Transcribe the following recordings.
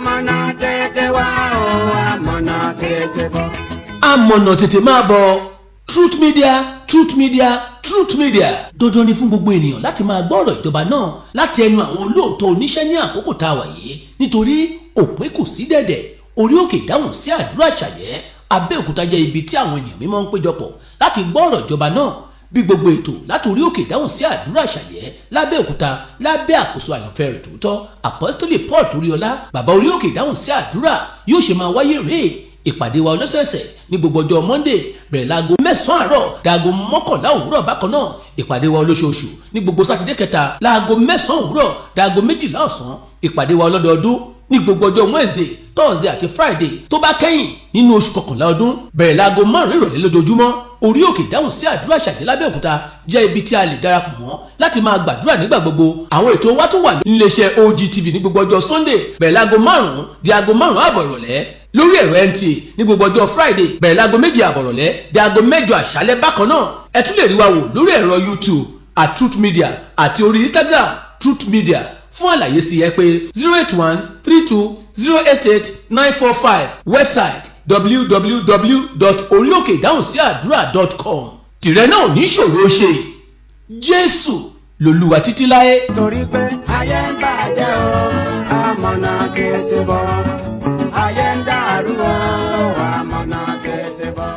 amọ̀nà tètè wá o amọ̀nà tètè bọ̀. amọ̀nà tètè máa bọ̀ truth media truth media truth media. dandan ni fún gbogbo ènìyàn láti máa gbọ́ ọ̀rọ̀ ìjọba náà láti ẹnu àwọn olóòótọ́ oníṣẹ́ ní àkókò tá a wà yìí nítorí òpin kò sí dẹ̀dẹ̀ orí òkè ìdáhùn sí àdúrà ṣàyẹ̀ abẹ́òkúta jẹ́ ibi tí àwọn ènìyàn mímọ́ ń péjọpọ̀ láti gbọ́ ọ̀rọ̀ ìjọba náà bí gbogbo ètò látòrí òkè ìdáhùn sí àdúrà àṣàyẹ lábẹ́òkúta lábẹ́ àkóso àyànfẹ́ rẹ̀ tòótọ́ àpọ́sítélì paul toríọlá bàbá orí òkè ìdáhùn sí àdúrà yóò ṣe máa wáyé rèé ìpàdé wa ọlọ́sẹ̀ẹ̀sẹ̀ ní gbogbo ọjọ́ monday bẹ̀rẹ̀ láago mẹ́sàn-án àárọ̀ daago mọ́kànlá òwúrọ̀ bákan náà ìpàdé wa olóṣooṣù ní gbogbo sátidé kẹta láago mẹ́sàn-án òwúrọ̀ daago méjìlá ọ̀sán ìpàdé wa ọlọ́dọọdún ní gbogbo ọjọ́ wednesday thursday àti friday tó bá kẹ́yìn nínú oṣù kọkànlá ọdún bẹ̀rẹ̀ láago márùn-ún ìrọ̀lẹ́ lójoojúmọ́ orí òkè ìdáhùn sí àdúrà ṣàjẹ́ lábẹ́òkúta jẹ́ ibi tí a lè darapọ̀ mọ́ láti máa gbàdúrà nígbà gbogbo àwọn ètò wa tún wà níléeṣẹ́ OGTV ní gbogbo ọjọ́ Sunday bẹ̀rẹ̀ láago márùn-ún di aago márùn-ún àbọ̀ ìrọ̀lẹ́ lórí ẹ̀rọ NTA ní gbogbo ọjọ́ Friday bẹ̀rẹ̀ láago méje àbọ̀rọ̀lẹ́ di aago mẹ́jọ àṣálẹ́ bákan náà ẹ tún lè rí wa wò lórí ẹ̀rọ YouTube at Truth Media àti orí Instagram Truth Media fún àlàyé sí ẹ zero eight one three two zero eight eight nine four five website www.oriokedahunsiadura.com tìrẹ náà ní ṣòro ṣe jésù lolúwa títí láyé. torí pé ayé ń bàjẹ́ o àmọ̀nà kìí bọ̀ ayé ń dàrú o àmọ̀nà kìí bọ̀.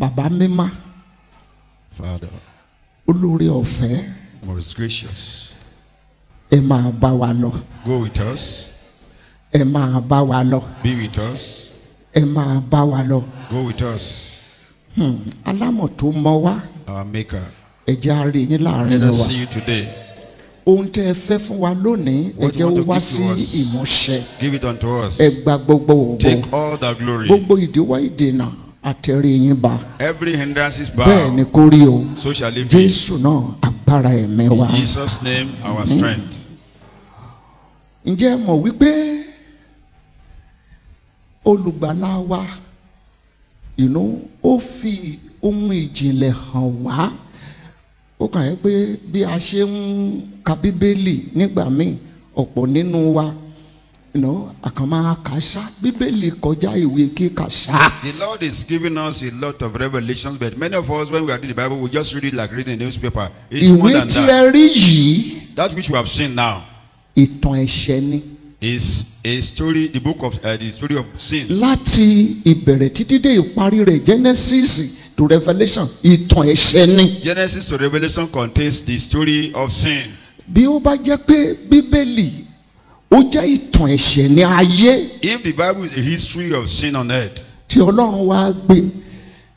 bàbá mímá. father. olórí ọ̀fẹ́. most ẹ máa bá wa lọ. go with us ẹ máa bá wa lọ. be with us. ẹ máa bá wa lọ. go with us. Hmm. alámọ̀ tó mọ wá. our maker. ẹ jẹ́ a yín láàrin wa. let us see you today. ohun tẹ́ ẹ fẹ́ fún wa lónìí ẹ jẹ́ wá sí ìmúṣẹ. give it unto us. ẹ gba gbogbo ògo. take all the glory. gbogbo ìdíwọ́ ìdènà àtẹ̀rí yín bá. every hindrance is bound. bẹ́ẹ̀ ni kó rí o. so shall it be. jésù náà agbára ẹ̀mí wa. in jesus name our hmm. strength. ǹjẹ́ mọ̀ wípé olùgbàlà wa you know ó fi ohun ìjìnlẹ̀ hàn wá ó kàn yẹ pé bí a ṣe ń ka bíbélì nígbà míì ọ̀pọ̀ nínú wa you know àkànmá kàṣá bíbélì kọjá ìwé kíkà ṣá. the lord is giving us a lot of revelations but many of us when we are reading the bible we just read it like reading a newspaper. it's more than that. ìwé tí ẹ rí yìí. that which we have seen now. ìtàn ẹ̀ṣẹ̀ ni is a story the book of uh, the story of sin. láti ìbẹ̀rẹ̀ títí dé ìparí rẹ̀ genesis to revelation ìtàn ẹ̀ṣẹ̀ ni. genesis to revelation contains the story of sin. bí ó bá jẹ́ pé bíbélì ó jẹ́ ìtàn ẹ̀ṣẹ̀ ní ayé. if the bible is a history of sin on earth. tí ọlọ́run wá gbé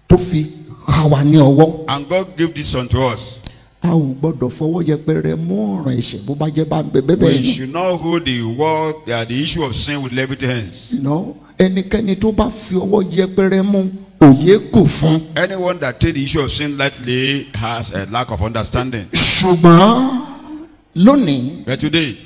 tó fi ká wa ní ọwọ́. and God gave this unto us a ò gbọdọ̀ fọwọ́ yẹpẹrẹ mú ọ̀ràn ẹ̀ṣẹ̀ bó bá jẹ́ bá ń bẹ bẹ́ẹ̀ ni. we should not hold the word uh, the issue of sin with levity hands. you know ẹnikẹ́ni tó bá fi ọwọ́ yẹpẹrẹ mú òye kò fún. anyone that take the issue of sin lightly has a lack of understanding. ṣùgbọ́n lónìí. but today.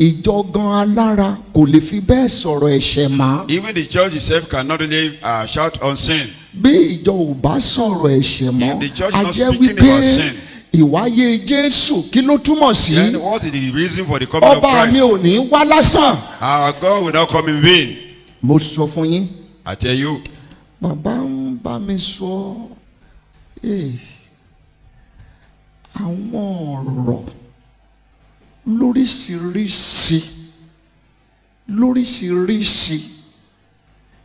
ìjọgan alára kò lè fi bẹ́ẹ̀ sọ̀rọ̀ ẹ̀ṣẹ̀ mọ́. even the church itself cannot really uh, shout on sin. bí ìjọ ò bá sọ̀rọ̀ ẹ̀ṣẹ̀ mọ́ a jẹ́ wípé. if the church is not speaking about sin ìwáyé jésù kí ló túmọ̀ sí. then what is the reason for the coming of Christ. ọba mi ò ní wá lásán. our God will not come in vain. mo sọ fún yín. I tell you. bàbá ń bá mi sọ àwọn ọ̀rọ̀ lóríṣiríṣi lóríṣiríṣi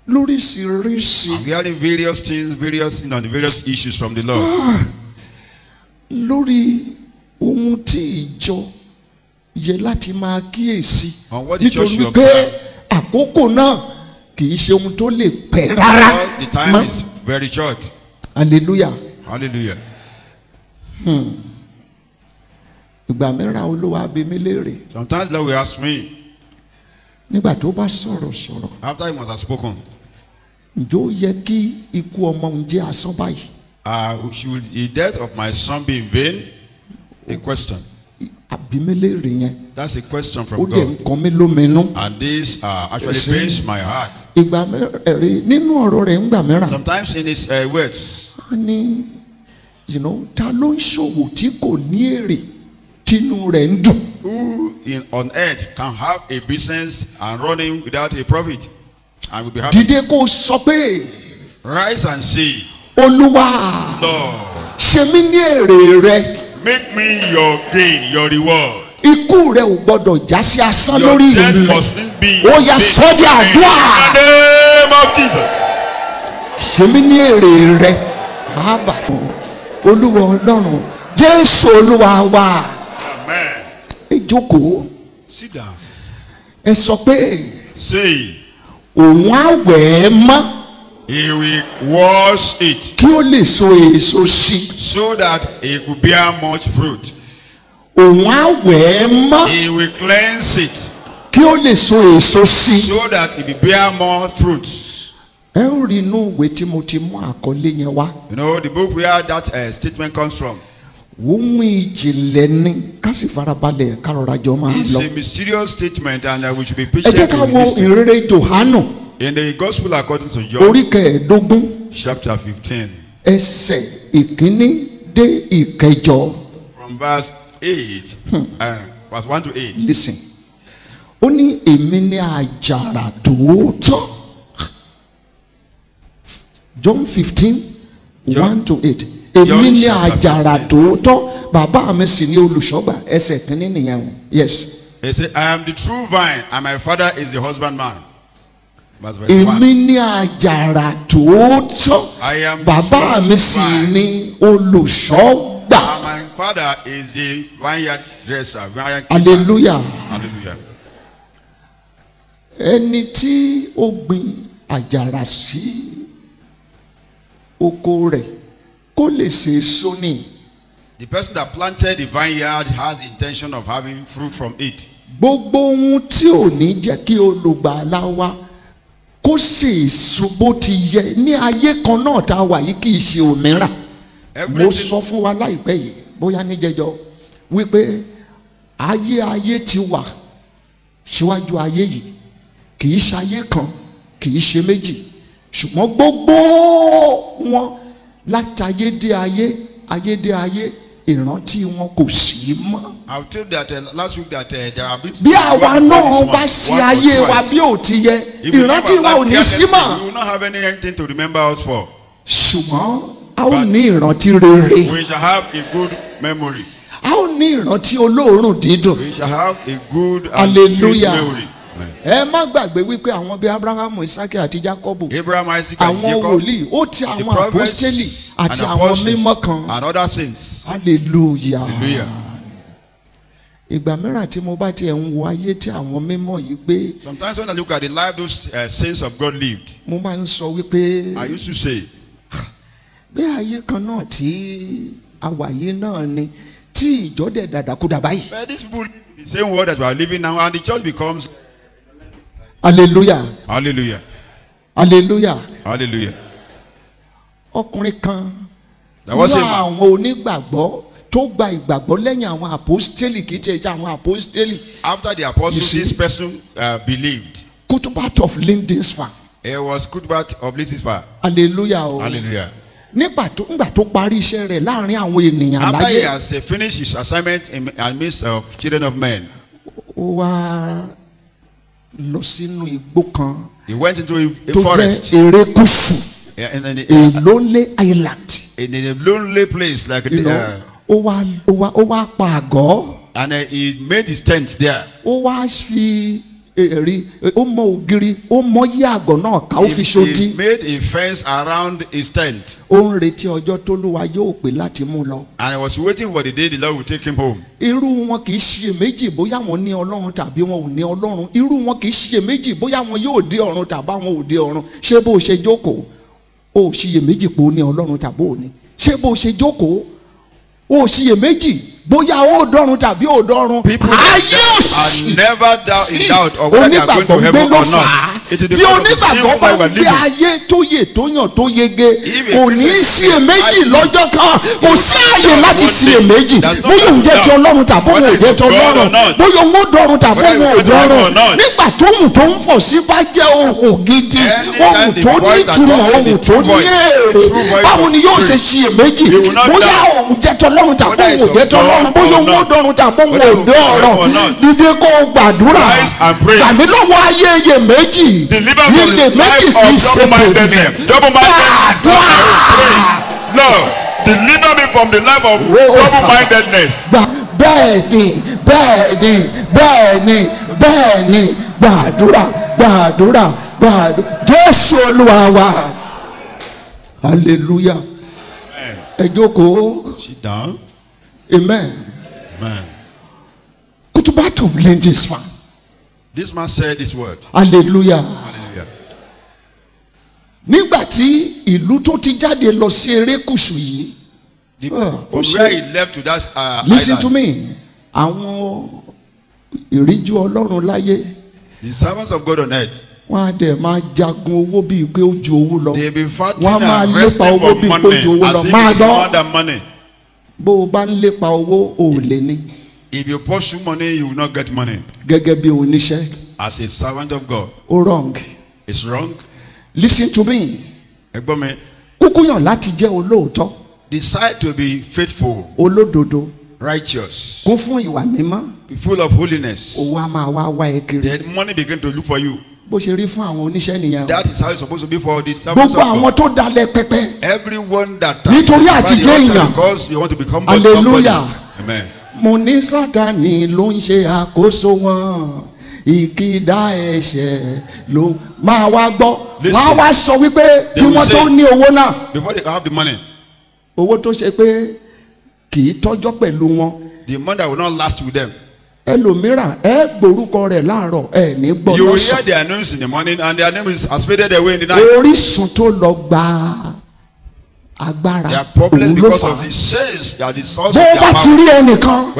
lóríṣiríṣi. I'm hearing various things various you know, various issues from the Lord. Ah lórí ohun tí ìjọ yẹ láti máa kíyèsí nítorí pé àkókò náà kì í ṣe ohun tó lè pẹ́ rárá mọ́. the time is very short. hallelujah. hallelujah. Hmm. ìgbà mìíràn olúwa bí mi léèrè. sometimes the Lord will ask me. nígbà tó bá sọ̀rọ̀ sọ̀rọ̀. after he must have spoken. ǹjọ́ yẹ kí ikú ọmọ òun jẹ́ asán báyìí uh, should the death of my son be in vain? A question. That's a question from God. Ó dẹ̀ nǹkan And this uh, actually pains my heart. Sometimes in his uh, words. you know, ta ló ń ṣòwò tí kò ní èrè tínú rẹ̀ ń Who in, on earth can have a business and running without a profit and will be happy? Dìde kó sọ pé. Rise and see olúwa ṣe mí ní èrè rẹ. make me your gain your reward. ikú rẹ ò gbọdọ̀ já sí asán lórí ìlú rẹ ó yá sọ di àdúrà. ṣe mí ní èrè rẹ àbà fún olúwa ọlọ́run jésù olúwa wa. amen. ẹ sit down. ẹ sọ pé. say. òun á mọ́ he will wash it. kí ó lè so èso sí. so that he could bear much fruit. òun á wẹ̀ ẹ́ mọ́. he will cleanse it. kí ó lè so èso sí. so that he will bear more fruit. ẹ ó rí inú ìwé tí mo ti mú àkọlé yẹn wá. you know the book where that uh, statement comes from. Ohun ìjìnlẹ̀ ni ká sì farabalẹ̀ ká rọra jọ máa lọ. It's a mysterious statement and uh, we should be patient. Ẹ jẹ́ ká wo ìrere Jòhánù in the gospel according to John. orí kẹẹ̀ẹ́dógún. chapter fifteen. ẹsẹ̀ ìkíní dé ìkẹjọ. from verse eight hmm. uh, verse one to eight. listen ó ní èmi ni àjàrà tòótọ́ John fifteen one to eight èmi ni àjàrà tòótọ́ bàbá mi sì ni olùṣọ́gbà ẹsẹ̀ kínní nìyẹn o yes. he said I am the true vine and my father is the husbandman èmi ni àjàrà tòótọ́ bàbá mi sì ni olùṣọ́ gbà. my father is a vineyard dresser. Vineyard hallelujah. hallelujah. ẹni tí ó gbin àjàrà sí oko rẹ̀ kó lè ṣe èso the person that planted the vineyard has intention of having fruit from it. gbogbo ohun tí ò ní jẹ́ kí olùgbàlà wá kó ṣe èso bó ti yẹ ní ayé kan náà tá wà yìí kì í ṣe òmíràn mo sọ fún wa láìpẹ́ yìí bóyá níjẹjọ wípé ayé ayé ti wà síwájú ayé yìí kì í ṣayé kan kì í ṣe méjì ṣùgbọ́n gbogbo wọn látayé dé ayé ayé dé ayé ìrántí wọn kò sí mọ́. I have told that uh, last week that uh, there are been. bí àwa náà bá ṣe ayé wa bí ò ti yẹ ìrántí wa ò ní sí mọ́. we will not have anything to remember us for. ṣùgbọ́n a ó ní ìrántí rere. we shall have a good memory. a ó ní ìrántí olóòórùn dídùn. we shall have a good and Hallelujah. sweet memory ẹ má gbàgbé wípé àwọn bíi abrahamu isaki àti jacob àwọn wòlíì ó ti àwọn àpọ́stélì àti àwọn mímọ́ kan and other sins. hallelujah. hallelujah ìgbà mìíràn tí mo bá tiẹ̀ ń wo ayé tí àwọn mímọ́ yìí gbé. sometimes when I look at the life those uh, saints of God lived. mo máa ń sọ wípé. I used to say. Ah, bí ayé kan náà tí àwàyé náà ni tí ìjọ dẹ̀ dàdàkúdà báyìí. but this people the same world that we are living now and the church becomes. hallelujah. hallelujah. hallelujah. hallelujah ọkùnrin kan nínú àwọn onígbàgbọ́ tó gba ìgbàgbọ́ lẹ́yìn àwọn apostoli kì í ṣe àwọn apostoli. after the apostles this person uh, believed. kutubat of lindisfa. he was kutubat of lindisfa. hallelujah o. hallelujah nígbà tó ńgbà tó parí iṣẹ́ rẹ̀ láàrin àwọn ènìyàn láyé. after he has uh, finished his assignment in the midst of children of men. ó wá lọ sínú igbó kan. he went into a, a forest. tó jẹ́ erékùsù. Yeah, in, in a lonely island. In a lonely place like you the, know, uh, ó wá ó wá ó And uh, he made his tent there. Ó wá fi èrè ó mọ ògiri ó mọ yí àgọ́ náà ká ó fi ṣodi. He made a fence around his tent. Ó ń retí ọjọ́ tó lúwa yóò pè láti mú lọ. And I was waiting for the day the Lord would take him home. Irú wọn kì í ṣiyèméjì bóyá wọn ní Ọlọ́run tàbí wọn ò ní Ọlọ́run. Irú wọn kì í ṣiyèméjì bóyá wọn yóò dé ọ̀run tàbí wọn ò dé ọ̀run. Ṣé bó ṣe jókòó? o ò ṣiyèméjì pé o ní ọlọ́run tàbí o ní ṣé bó ṣe jókòó o ṣiyèméjì bóyá o dọ́run tàbí o dọ́run ayé òsì onígbàgbọ́ gbé ló fà á bí onígbàgbọ́ bá ń gbé ayé tó yè tó yàn tó yege kò ní í ṣiyèméjì lọ́jọ́ kan kò sí ààyè láti ṣiyèméjì bóyá òun jẹ́ ti ọlọ́run tàbí òun jẹ́ ti ọlọ́run bóyá òun ó dọ̀run tàbí òun ò dọ̀run nígbà tóhùn tó ń fọ̀ sí bá jẹ́ ohun gidi ohun tó ní ìtumọ̀ ohun tó ní èrè báwo ni yóò ṣe ṣiyèméjì bóyá òun jẹ́ ti ọlọ́run tàbí òun ò jẹ́ ti bóyá òun ò dọ̀run dídé kó gbàdúrà tàbí lọ́wọ́ ayé iyèméjì Ah, deliver me from the life of double-minded men double mindedness No. deliver me from the life of double-mindedness. bẹ́ẹ̀ ni bẹ́ẹ̀ ni bẹ́ẹ̀ ni bẹ́ẹ̀ ni gbàdúrà gbàdúrà gbàdúrà jésù olúwa wa hallelujah ẹ amen amen Kutubatu of lending span. This man said this word. Hallelujah. Hallelujah. Nígbà tí ìlú tó ti jáde lọ sí erékùṣù yìí. The, uh, from where he left to that uh, listen island. to me. Àwọn ìríjú Ọlọ́run láyé. The servants of God on earth. wọ́n á dẹ̀ máa jagun owó bíi pé ó ju owó lọ wọ́n á máa lépa owó bíi pé ó ju owó lọ máa lọ bó o bá ń lépa owó o lè ní. If you pursue money, you will not get money. Gẹ́gẹ́ bí oníṣẹ́. As a servant of God. Ó wrong. It's wrong. Listen to me. Ẹgbọ́n mi. Kúkú yàn láti jẹ́ olóòótọ́. Decide to be faithful. Olódodo. Righteous. Kún fún ìwà mímọ́. Be full of holiness. Owó a máa wá wá ẹ kiri. Then money begin to look for you bó ṣe rí fún àwọn oníṣẹ́ nìyẹn. that is how it's supposed to be for the servants of God. gbogbo àwọn tó dalẹ̀ pẹpẹ. everyone that. nítorí àtijọ́ èèyàn. because you want to become somebody. hallelujah. amen mo ní sátani ló ń ṣe àkóso wọn ìkìdá ẹ̀ṣẹ̀ ló máa wá gbọ́ wọ́n wá sọ wípé kí wọ́n tó ní owó náà. before they can have the money. owó tó ṣe pé kì í tọ́jọ́ pẹ̀lú wọn. the money will not last with them ẹlòmíràn ẹ gbórúkọ rẹ láàárọ̀ ẹ ní gbọ́ lọ́sàn. you will hear their names in the morning and their names has faded away in the night. orísun tó lọ gbàá agbára òun ló fà á bó bá ti rí ẹnìkan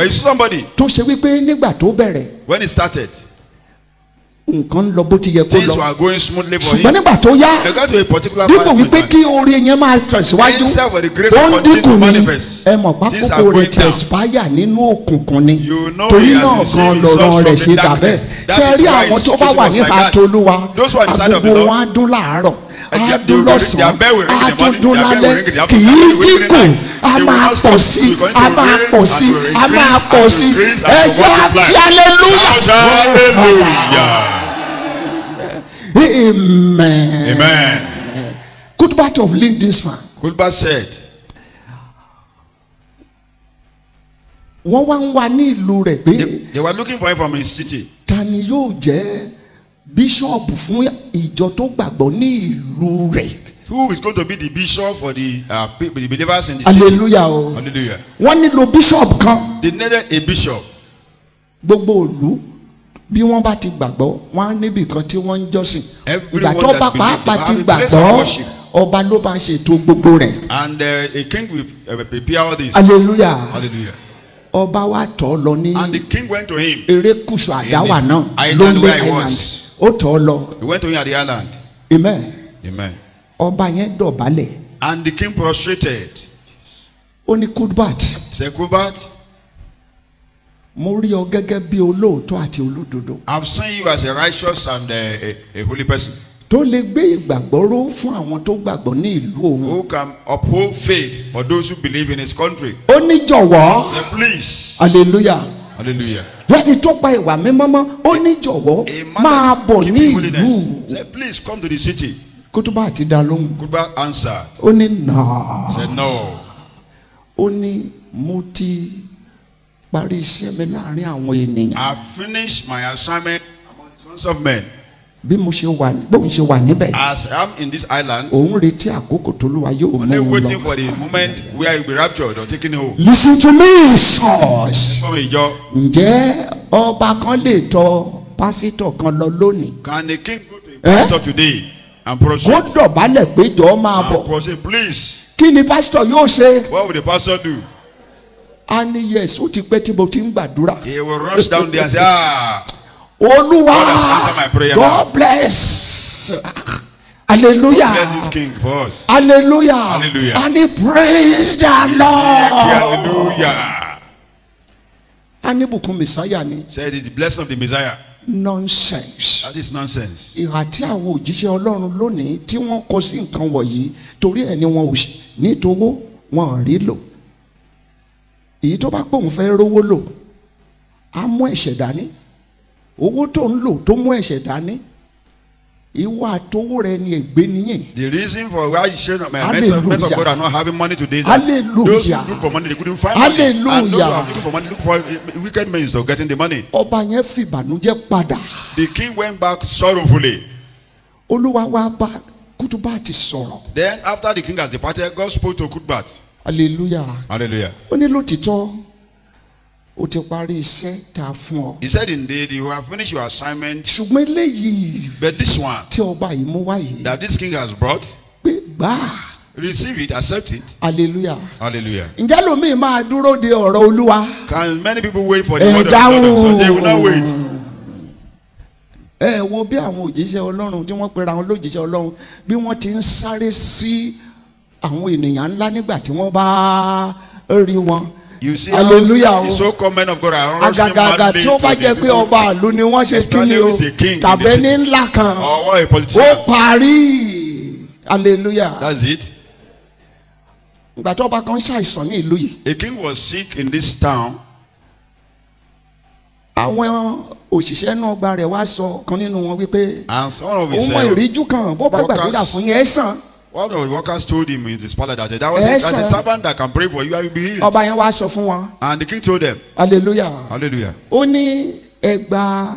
tó ṣe wípé nígbà tó bẹ̀rẹ̀. when it started nǹkan lọ bó ti yẹ kó lọ. things were going smoothly for him. ṣùgbọ́n nígbà tó yá dípò wípé kí oore yẹn máa tẹ̀síwájú ó ń dínkù ni ẹ mọ̀ pákókó rẹ̀ tẹ̀síwáyà nínú òkùnkùn ni torí náà gan lọ́rọ̀ rẹ̀ ṣe dà ṣe rí àwọn tó bá wà nípa tolúwa àgbogbo wọn á dún láàárọ̀ á dún lọ́sàn-án á tún dún lálẹ́ kì í dínkù a máa pọ̀ sí a máa pọ̀ sí a máa pọ̀ sí ẹ jẹ́ àti hallelujah. Amen. Amen. Cuthbert of Lindisfarne. Cuthbert said. Wọ́n wá ń wá ní ìlú rẹ̀ pé. They were looking for him from his city. Ta ni yóò jẹ́ bíṣọ̀bù fún ìjọ tó gbàgbọ́ ní ìlú rẹ̀? Who is going to be the bishop for the uh, the believers in the city? Hallelujah o. Hallelujah. Wọ́n nílò bishop kan. They needed a bishop. Gbogbo òlu bí wọ́n bá ti gbàgbọ́ wọ́n á níbi kan tí wọ́n ń jọ́sìn ìgbà tó bá pàápàá ti gbàgbọ́ ọba ló bá ṣètò gbogbo rẹ̀. and uh, a king will uh, prepare all this. hallelujah. hallelujah ọba wa tọ̀ lọ ní. and the king went to him. erékùṣù àdáwà náà ló ń gbé island ó tọ̀ lọ. he went to him at the island. amen. amen. ọba yẹn dọ̀bálẹ̀. and the king prostrated. ó ní kudbat. he said kudbat mo rí ọ gẹ́gẹ́ bí olóòótọ́ àti olódodo. I have seen you as a righteous and a, a, a holy person. tó lè gbé ìgbàgbọ́ ró fún àwọn tó gbàgbọ́ ní ìlú òun. who can uphold faith for those who believe in his country. ó ní jọ̀wọ́. say please. hallelujah. hallelujah. lẹ́ni tó pa ìwà mímọ́ mọ́ ó ní jọ̀wọ́ máa bọ̀ ní ìlú. say please come to the city. kótóbá àti dá lóhùn. kótóbá answer. ó ní nà. say no. ó ní mo ti parí iṣẹ́ mi láàrin àwọn ènìyàn. I finish my assignment among the sons of men. bí mo ṣe wà bóun ṣe wà níbẹ̀. as I am in this island. òun retí àkókò tó lúwa yóò mú un lọ. only waiting for the moment where you be raptured or taken home. listen to me sons. fún ìjọ. ǹjẹ́ ọba kan lè tọ pásítọ̀ kan lọ lónìí. can the king go to a eh? pastor today and prostrate. kó dọ̀bálẹ̀ péjọ máa bọ̀. and prostrate please. kí ni pásítọ̀ yóò ṣe. what will the pastor do á ní yes ó ti pẹ́ tí mo ti ń gbàdúrà. he will rush down there and say ah. olúwa God bless. Hallelujah. bless this king for us. Hallelujah. Hallelujah. And he praised the Lord. Hallelujah. the Messiah ni. Said it's the blessing of the Messiah. Nonsense. That is nonsense. Ìhà tí àwọn òjíṣẹ́ Ọlọ́run lónìí tí wọ́n kọ sí nǹkan wọ̀nyí torí ẹ̀ ni wọn ò ní tówó wọn ò rí lò èyí tó bá pòun fẹ́ rówó lò á mú ẹ̀ṣẹ̀ dání owó tó ń lò tó mú ẹ̀ṣẹ̀ dání ìwà àtọwó rẹ ni ègbé nìyẹn. the reason for why you say eh, my hallelujah. mess of God are not having money today is that those who look for money they couldn't find hallelujah. money and those who are looking for money look for eh, wicked means of getting the money. ọba yẹn fi ìbànújẹ́ padà. the king went back sorrowfully. olúwa wa bá kútùbà ti sọ̀rọ̀. then after the king has departed God spoke to Kutubat hallelujah hallelujah ó ní lótìtọ́ o ti parí iṣẹ́ ta fún ọ. he said indeed you have finished your assignment. ṣùgbọ́n eléyìí. but this one. tí ọba yìí mú wá that this king has brought. pé gbà. receive it accept it. hallelujah. hallelujah. ǹjẹ́ lomiin máa dúró de ọ̀rọ̀ olúwa. can many people wait for the word of God so they will not wait. ẹ wo bí àwọn òjíṣẹ́ ọlọ́run tí wọ́n pera wọn lójíṣẹ́ ọlọ́run bí wọ́n ti ń sáré sí. Si àwọn ènìyàn ńlá nígbà tí wọ́n bá rí wọn. You see hallelujah o so called men of God are rushing madly to the agagaga tí ó bá jẹ pé ọba àlù ni wọ́n ṣe kíni o tàbí ní oh, parí hallelujah. That's it. ìgbà tó ọba kan ṣàìsàn ní ìlú yìí. A king was sick in this town. àwọn òṣìṣẹ́ náà gba rẹ̀ wá sọ kan nínú wọn wípé. And one of his. ó mọ eh, ìríjú kan bó bá gbàdúrà fún yẹn sàn. One of the workers told him in his palace that there was a, a servant that can pray for you and you will be healed. Ọba yẹn wá sọ fún wọn. And the king told them. Hallelujah. Hallelujah. Ó ní ẹgbàá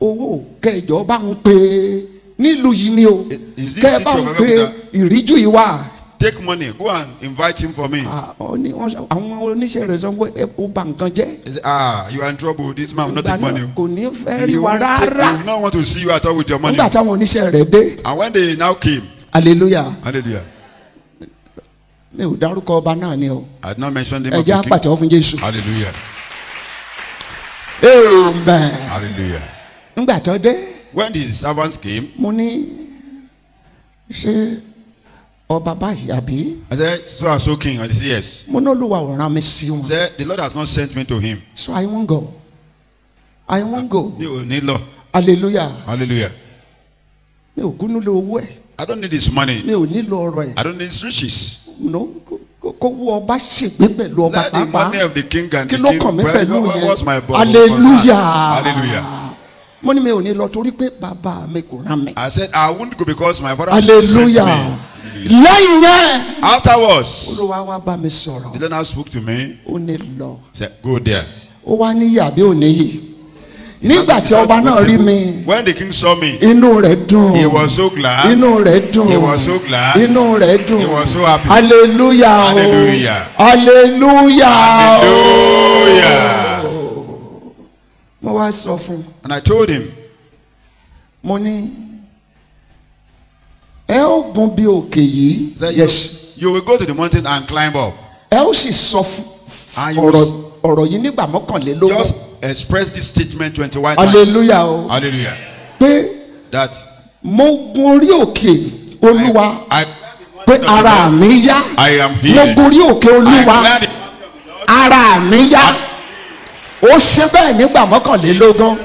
owó kẹjọ bá ń pè é nílùú yìí ni o. Kẹ bá ń pè ìríjú yìí wá. Take money go and invite him for me. Ah, àwọn oníṣẹ́ rẹ̀ sọ pé ó bà nǹkan jẹ́. He said ah you are in trouble this man will not take money. Kò ní fẹ́ rí wa rárá. He will not want to see you at all with your money. Nígbà táwọn oníṣẹ́ rẹ̀ dé. And when they now came hallelujah. hallelujah. mi ò dárúkọ ọba náà ni o. I had not mentioned him. ẹ jẹ́ àpàtẹ́wọ́ fún Jésù. hallelujah. amen. hallelujah. ngbà tó dé. when the servants came. mo ní ṣé ọba báyìí àbí. I said so and so king and he said yes. mo ní olúwa ò rán mi sí wọn. said the Lord has not sent me to him. so I won't go I won't go. mi ò ní lọ. hallelujah. hallelujah. mi ò gúnú lé owó ẹ̀. I don't need his money. mi ò nílò ọrọ̀ ẹ̀. I don't need his riches. no kówó ọba ṣègbè pẹ̀lú ọba pàápàá. let the money of the king and the king well well what's my bubble Hallelujah. hallelujah mo ní mi ò ní lọ torí pé bàbá mi kò rán mi. I said I won't go because my father sent me lẹ́yìn yẹn. afterwards. olúwa wá bá mi sọ̀rọ̀. the donor spoke to me. ó ní lọ. he said go there. ó wá níyì àbí ò nígbà tí ọba náà rí mi. when the king saw me. inú rẹ̀ dùn. he was so glad. inú rẹ̀ dùn. he was so glad. inú rẹ̀ dùn. he was so happy. hallelujah hallelujah. hallelujah o. hallelujah. mo wá sọ fún. and I told him. mo ní ẹ ó gun bí òkè yìí. that yes. you will go to the mountain and climb up. ẹ ó sì sọ fún ọ̀rọ̀ yìí nígbà mọ́kànlélógún. just express this statement twenty-one times. hallelujah o. hallelujah. pé. that. mo gun orí òkè olúwa pé ara mi yá mo gun òkè olúwa ara mi yá ó ṣe bẹ́ẹ̀ nígbà mọ́kànlélógún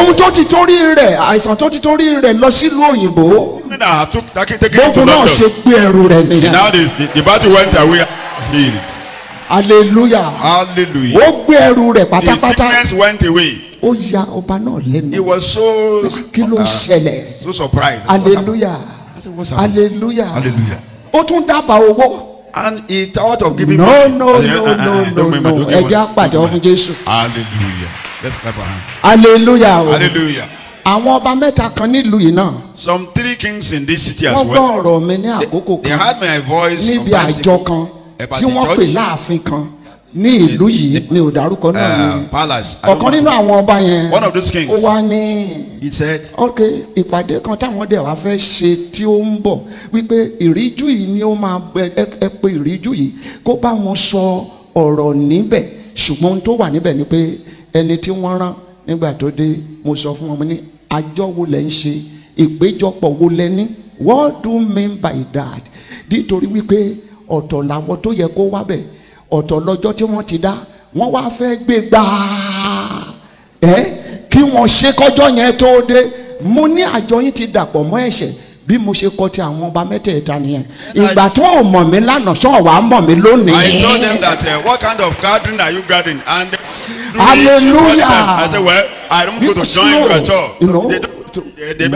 ohun tó ti torí rẹ̀ àìsàn tó ti torí rẹ̀ lọ sílùú òyìnbó gbogbo náà ṣe gbé ẹrù rẹ̀ nìyẹn hallelujah. hallelujah. ó gbé ẹrù rẹ̀ pátápátá. the sickness went away. ó ya ọba náà lẹ́nu. he was so. kí ló ṣẹlẹ̀. so surprised. hallelujah. hallelujah. hallelujah. ó tún dábàá owó. and he thought of giving no, money. no no no no no ẹ jẹ́ àpàtẹ jésù. hallelujah. let's clap our hands. hallelujah. hallelujah. àwọn ọba mẹ́ta kan nílùú yìí náà. some three kings in this city as well. wọ́n gbọ́ ọ̀rọ̀ mi ní àkókò kan. they heard my voice. níbi àjọ kan tí wọ́n pè láàfin kan ní ìlú yìí mi ò dárúkọ náà eh, ni ọ̀kan nínú àwọn ọba yẹn ó wá ní ok ìpàdé kan táwọn dẹ̀ wá fẹ́ ṣe tí ó ń bọ̀ wípé ìríjú yìí ni ó máa ẹ pé ìríjú yìí kó bá wọn sọ ọ̀rọ̀ níbẹ̀ ṣùgbọ́n ohun tó wà níbẹ̀ ni pé ẹni tí wọ́n rán nígbà tó dé mo sọ fún wọn mo ní àjọ wo lẹ ń ṣe ìpéjọpọ̀ wo lẹ ní what do you mean by that nítorí wípé ọ̀tọ̀ làwọn tó yẹ kó wá bẹ̀ ọ̀tọ̀ lọ́jọ́ tí wọ́n ti dá wọ́n wá fẹ́ gbé gbàá ẹ́ kí wọ́n ṣe kọjọ́ yẹn tó dé mo ní àjọ yín ti dàpọ̀ mọ́ ẹ̀ṣẹ̀ bí mo ṣe kọ ti àwọn ọba mẹ́tẹ̀ẹ̀ta nìyẹn ìgbà tó ò mọ̀ mí lánàá ṣọ́ wàá mọ̀ mí lónìí. I told them that uh, what kind of garden are you gardening and they hallelujah I said well I don't go to join you You know, to.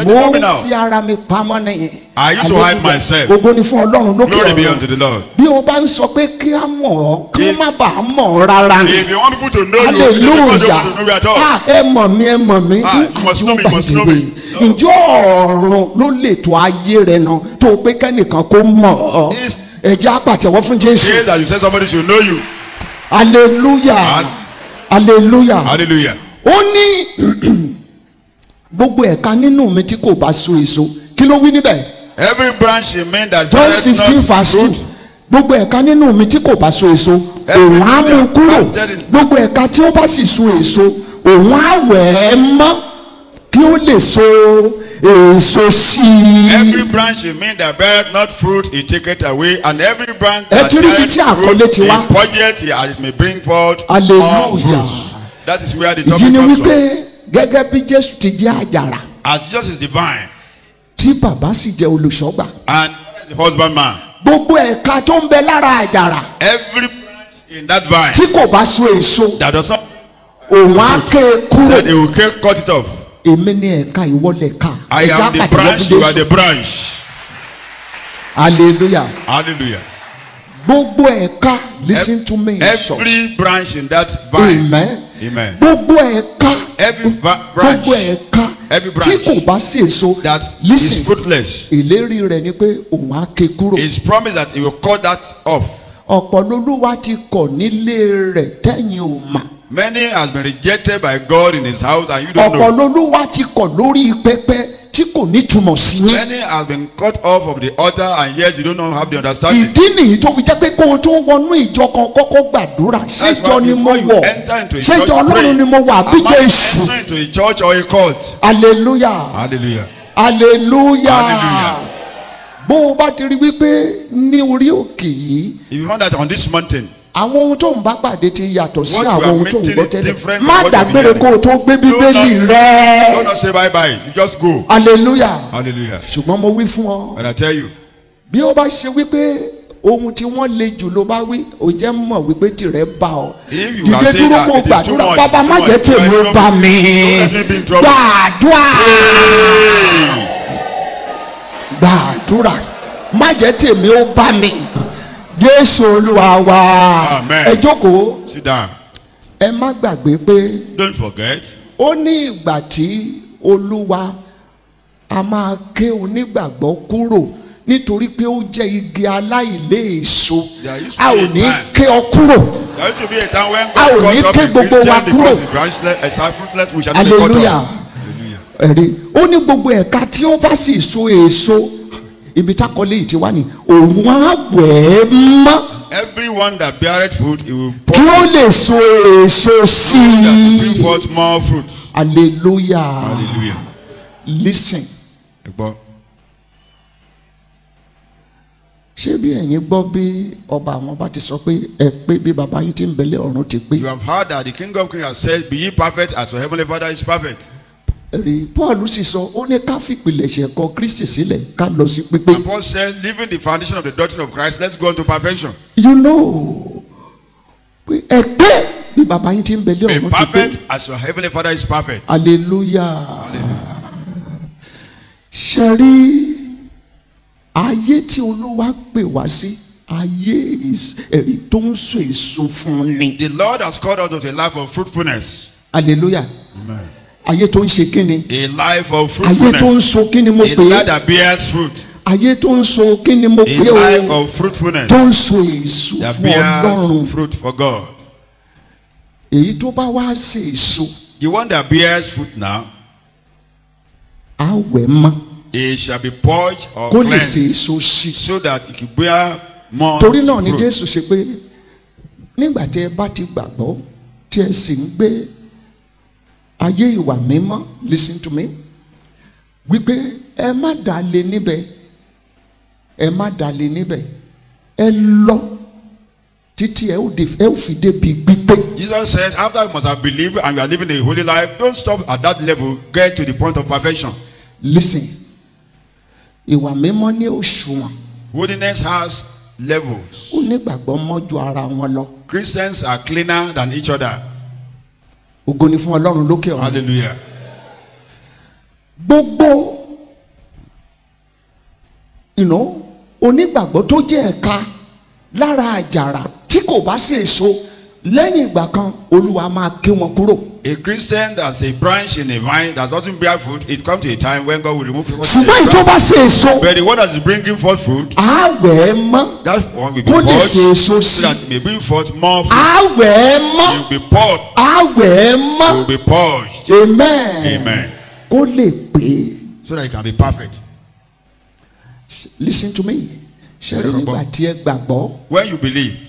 mo fi ara mi pamọ́ nìyẹn. I used to hide myself. Ògo ni fún Ọlọ́run lókè ọ̀run. Glory be unto the Lord. Bí o bá ń sọ pé kí a mọ̀ ọ́, kí wọ́n má bàa mọ̀ ọ́ rárá ni. If you want people to know you, hallelujah. Ah ẹ mọ̀ mi ẹ mọ̀ mi, nǹkan tí ó bá ti dé. Ǹjọ́ ọ̀run ló lè tó ayé rẹ̀ náà tó o pé kẹ́nìkan kó mọ̀ ọ́. Ẹ jẹ́ àpàtẹ̀wọ́ fún Jésù. Yes, as you said somebody should know you. Hallelujah. Ah. Hallelujah. Hallelujah. Ó ní gbogbo ẹ̀ka nínú mi tí kò bá so èso kí ló wí níbẹ̀. every branch in me that John fifteen verse two gbogbo ẹ̀ka nínú mi tí kò bá so èso òun á mú kúrò gbogbo ẹ̀ka tí ó bá sì so èso òun á wẹ̀ ẹ́ mọ́ kí ó lè so èso sí i. every branch in me that beareth not fruit he taketh away and every branch that beareth fruit he purgeth it may bring forth more fruit. that is where the topic comes from gẹ́gẹ́ bí jésù ti jẹ́ àjàrà. as Jesus is divine. tí bàbá sì jẹ́ olùṣọ́gbà. and the husband man. gbogbo ẹ̀ka tó ń bẹ lára àjàrà. every branch in that vine. tí kò bá so èso. that does not. òun á ké kúrò. said he will cut it off. èmi ni ẹ̀ka ìwọlẹ̀ ká. I am the branch you are the branch. hallelujah. hallelujah gbogbo ẹ̀ka lis ten to me. every branch in that vine. gbogbo ẹ̀ka every branch gbogbo ẹ̀ka every branch tí kò bá sí èso that listen, is fruitless ìlérí rẹ̀ ni pé òun á ké kúrò. his promise that he will cut that off. ọ̀pọ̀ lolúwa ti kọ̀ nílé rẹ̀ tẹ́yìn ò mà. many has been rejected by God in his house and you don't know. ọ̀pọ̀ lolúwa ti kọ̀ lórí pẹpẹ tí kò ní túmọ̀ sí yín. many have been cut off from the altar and yet you don't know have the understanding. ìdí nìyí tó fi jẹ́ pé kó o tó wọnú ìjọ kan kọ́kọ́ gbàdúrà ṣéjọ ni mo wọ̀ ṣéjọ ọlọ́run ni mo wọ̀ àbíjọ èṣù. am I entering to a church or a cult. hallelujah. hallelujah. hallelujah. hallelujah. bó o bá ti rí wípé ní orí òkè yìí. if you found that on this mountain àwọn ohun tó ń bá pàdé ti yàtọ̀ sí àwọn ohun tó ń gbọ́ tẹ́lẹ̀ má dàgbére kó o tó gbé bíbélì rẹ. don't say bye bye just go. hallelujah hallelujah ṣùgbọ́n mo wí fún ọ. and I tell you. bí ó bá ṣe wípé ohun tí wọ́n le jù ló bá wí ó jẹ́ mọ̀ wípé tìrẹ bá ọ. dìde dúró kó o gbàdúrà bàbá má jẹ́ tèmi ó bá mi gbàdúrà gbàdúrà má jẹ́ tèmi ó bá mi jésù olúwa wa ẹ jókòó ẹ má gbàgbé pé don't forget ó ní ìgbà tí olúwa a máa ké onígbàgbọ́ kúrò nítorí pé ó jẹ́ igi aláìléèso a ò ní ké ọ kúrò a ò ní ké gbogbo wa kúrò hallelujah ẹ̀rí ó ní gbogbo ẹ̀ka tí ó bá sì so èso ibi tákọ́lé yìí ti wá ni òun á wẹ̀ ẹ́ mọ́. everyone that beareth fruit he will pour. kí ó lè so èso sí i. that bring forth more fruit. hallelujah. hallelujah. listen. ẹ gbọ́. ṣé bí ẹ̀yin gbọ́ bí ọba àwọn bá ti sọ pé ẹ pé bí baba yín ti ń bẹ̀lẹ̀ ọ̀run ti pé. you have heard that the king of kings has said be ye perfect as your heavenly father is perfect rí paul sì sọ ó ní ká fìpilẹ̀ṣẹ̀ kan kristi sílẹ̀ ká lọ sí pípé. and paul said leaving the foundation of the doctrine of christ let's go on to perfection. you know ẹgbẹ́ ni bàbá yín ti ń bẹ̀lẹ́ ọ̀run ti pé. be perfect as your heavenly father is perfect. hallelujah. ṣe rí ayé tí olúwa pè wá sí ayé ẹ̀rí tó ń so èso fún ni. the lord has called us to a life of fruitfulness. hallelujah. Amen ayé tó ń ṣe kíni. a life of fruitfulness. ayé tó ń so kíni mo pè é. a life that bears fruit. ayé tó ń so kíni mo pè é a life of fruitfulness. tó ń so èso fún Ọlọ́run. that bears fruit for God. èyí tó bá wá ṣe èso. the one that bears fruit now. a wẹ̀ mọ́. it shall be purged or cleansed. kó lè ṣe èso sí. so that it can bear more fruit. torí náà ni Jésù ṣe pé nígbà tí ẹ bá ti gbàgbọ́ tí ẹ sì ń gbé ayé ìwà mímọ́ listen to me wípé ẹ má dalẹ̀ níbẹ̀ ẹ má dalẹ̀ níbẹ̀ ẹ lọ títí ẹ ó de ẹ ó fi débi gbígbé. Jesus said after you must have believed and you are living a holy life don't stop at that level get to the point of perfection. listen ìwà mímọ́ ní òṣùwọ̀n. holiness has levels. onígbàgbọ́ mọ́jú ara wọn lọ. Christians are cleaner than each other ògo ni fún ọlọ́run lókè ọ̀run. hallelujah. gbogbo you know, onígbàgbọ́ tó jẹ́ ẹ̀ka lára àjàrà tí kò bá sí èso lẹ́yìn ìgbà kan olúwa máa ké wọn kúrò. A Christian that's a branch in a vine that doesn't bear fruit it comes to a time when God will remove it. ṣùgbọ́n ìtọ́ bá ṣe èso. but the one that is bringing forth fruit. àwẹ̀ mọ́. that one will be poured. kó lè ṣe èso sí. so that may bring forth more fruit. àwẹ̀ mọ́. it will be poured. àwẹ̀ mọ́. it will be poured. amen. amen. kó lè pé. so that it can be perfect. listen to me. ṣe rí nígbà tí ẹ gbàgbọ́. when you believe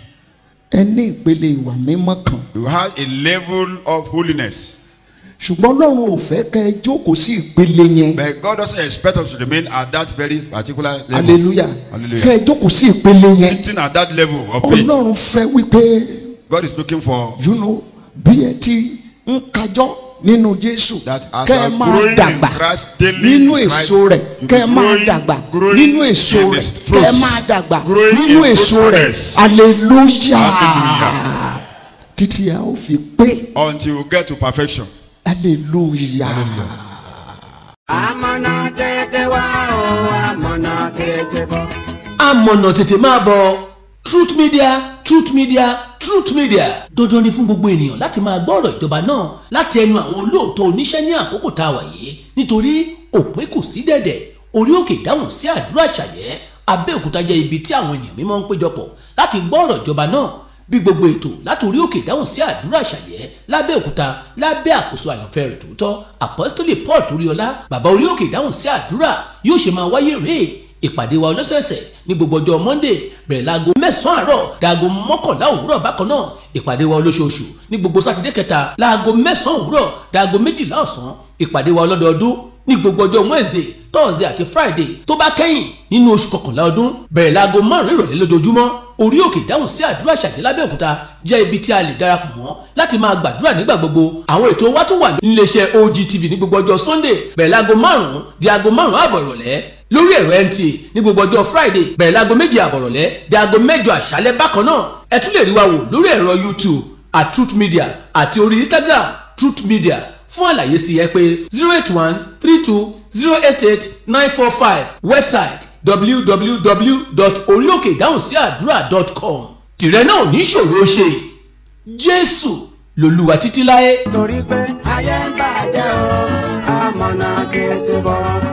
ẹ ní ìpele ìwà mímọ́ kan. you have a level of holiness. ṣùgbọ́n Ọlọ́run ò fẹ́ kẹ́ ẹ jókòó sí ìpele yẹn. but God doesn't expect us to remain at that very particular level. hallelujah hallelujah kẹ́ ẹ jókòó sí ìpele yẹn. sitting at that level of faith. Ọlọ́run fẹ́ wípé. God is looking for. you know bí ẹ ti ń kájọ́ nínú jésù kẹ́ ẹ máa dàgbà nínú èso rẹ̀ kẹ́ ẹ máa dàgbà nínú èso rẹ̀ kẹ́ ẹ máa dàgbà nínú èso rẹ̀ hallelujah títí a ó fi pé. until we get to perfection. hallelujah. amọ̀nà tètè wá o amọ̀nà tètè bọ̀. amọ̀nà tètè máa bọ̀ truth media truth media truth media. dandan ni fún gbogbo ènìyàn láti máa gbọ́ ọ̀rọ̀ ìjọba náà láti ẹnu àwọn olóòótọ́ oníṣẹ́ ní àkókò tá a wà yìí nítorí òpin kò sí dẹ̀dẹ̀ orí òkè ìdáhùn sí àdúrà ṣàyẹ̀ abẹ́òkúta jẹ́ ibi tí àwọn ènìyàn mímọ́ ń péjọpọ̀ láti gbọ́ ọ̀rọ̀ ìjọba náà bí gbogbo ètò láti orí òkè ìdáhùn sí àdúrà ṣàyẹ̀ lábẹ́òkúta lábẹ́ àkóso àyànfẹ́ rẹ̀ tòótọ́ àpọ́sítélì Paul Toríọlá bàbá orí òkè ìdáhùn sí àdúrà yóò ṣe máa wáyé rèé ìpàdé wa ọlọ́sẹ̀ẹ̀sẹ̀ ní gbogbo ọjọ́ monday bẹ̀rẹ̀ láago mẹ́sàn-án àárọ̀ daago mọ́kànlá òwúrọ̀ bákan náà ìpàdé wa olóṣooṣù ní gbogbo sátidé kẹta láago mẹ́sàn-án òwúrọ̀ daago méjìlá ọ̀sán ìpàdé wa ọlọ́dọọdún ní gbogbo ọjọ́ wednesday thursday àti friday tó bá kẹ́yìn nínú oṣù kọkànlá ọdún bẹ̀rẹ̀ láago márùn-ún ìrọ̀lẹ́ lójoojúmọ́ orí òkè ìdáhùn sí àdúrà ṣàjẹ́ lábẹ́òkúta jẹ́ ibi tí a lè darapọ̀ mọ́ láti máa gbàdúrà nígbà gbogbo àwọn ètò wa tún wà níléeṣẹ́ OGTV ní gbogbo ọjọ́ sunday bẹ̀rẹ̀ láago márùn-ún di aago márùn-ún àbọ̀ ìrọ̀lẹ́ lórí ẹ̀rọ NTA ní gbogbo ọjọ́ Friday bẹ̀rẹ̀ láago méje àbọ̀rọ̀lẹ́ di aago mẹ́jọ àṣálẹ́ bákan náà ẹ tún lè rí wa wò lórí ẹ̀rọ YouTube at Truth Media àti orí Instagram Truth Media fún àlàyé sí ẹ pé zero eight one three two zero eight eight nine four five website www.oriokedahunsiadura.com tìrẹ náà ní ṣòro ṣe Jésù lolúwa títí láé. torí pé ayé ń bàjẹ́ o àmọ̀nà kìí ti bọ̀.